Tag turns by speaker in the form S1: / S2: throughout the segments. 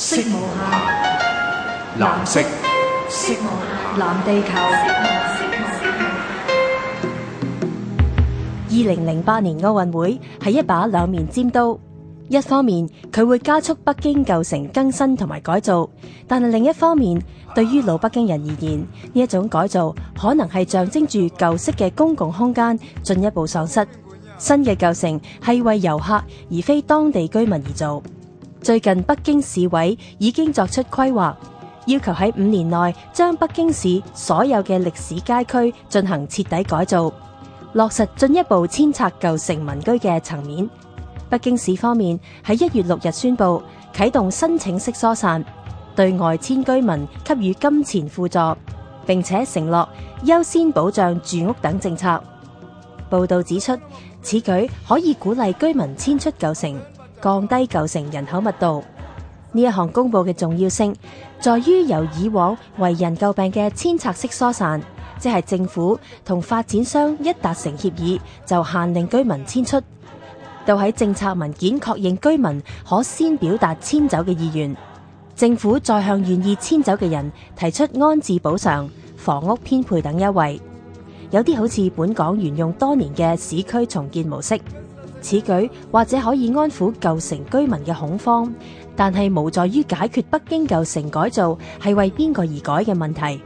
S1: 色藍色，色，藍地球。二零零八年奧運會係一把兩面尖刀，一方面佢會加速北京舊城更新同埋改造，但係另一方面，對於老北京人而言，呢一種改造可能係象徵住舊式嘅公共空間進一步喪失，新嘅舊城係為遊客而非當地居民而做。最近北京市委已經作出規劃，要求喺五年內將北京市所有嘅歷史街區進行徹底改造，落實進一步遷拆舊城民居嘅層面。北京市方面喺一月六日宣布啟動申請式疏散，對外遷居民給予金錢輔助，並且承諾優先保障住屋等政策。報道指出，此舉可以鼓勵居民遷出舊城。降低舊城人口密度，呢一項公佈嘅重要性，在於由以往為人詬病嘅遷拆式疏散，即係政府同發展商一達成協議就限令居民遷出，到喺政策文件確認居民可先表達遷走嘅意願，政府再向願意遷走嘅人提出安置補償、房屋編配等優惠，有啲好似本港沿用多年嘅市區重建模式。此舉或者可以安撫舊城居民嘅恐慌，但係無在於解決北京舊城改造係為邊個而改嘅問題。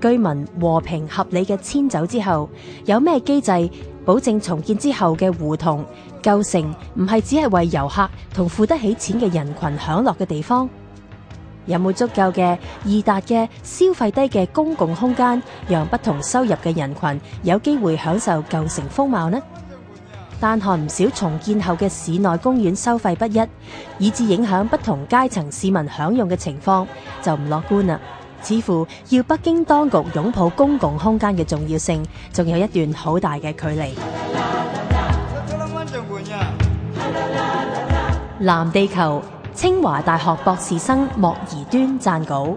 S1: 居民和平合理嘅遷走之後，有咩機制保證重建之後嘅胡同、舊城唔係只係為遊客同付得起錢嘅人群享樂嘅地方？有冇足夠嘅易達嘅消費低嘅公共空間，讓不同收入嘅人群有機會享受舊城風貌呢？但睇唔少重建後嘅市內公園收費不一，以致影響不同階層市民享用嘅情況就唔樂觀啦。似乎要北京當局擁抱公共空間嘅重要性，仲有一段好大嘅距離。 藍地球，清華大學博士生莫宜端撰稿。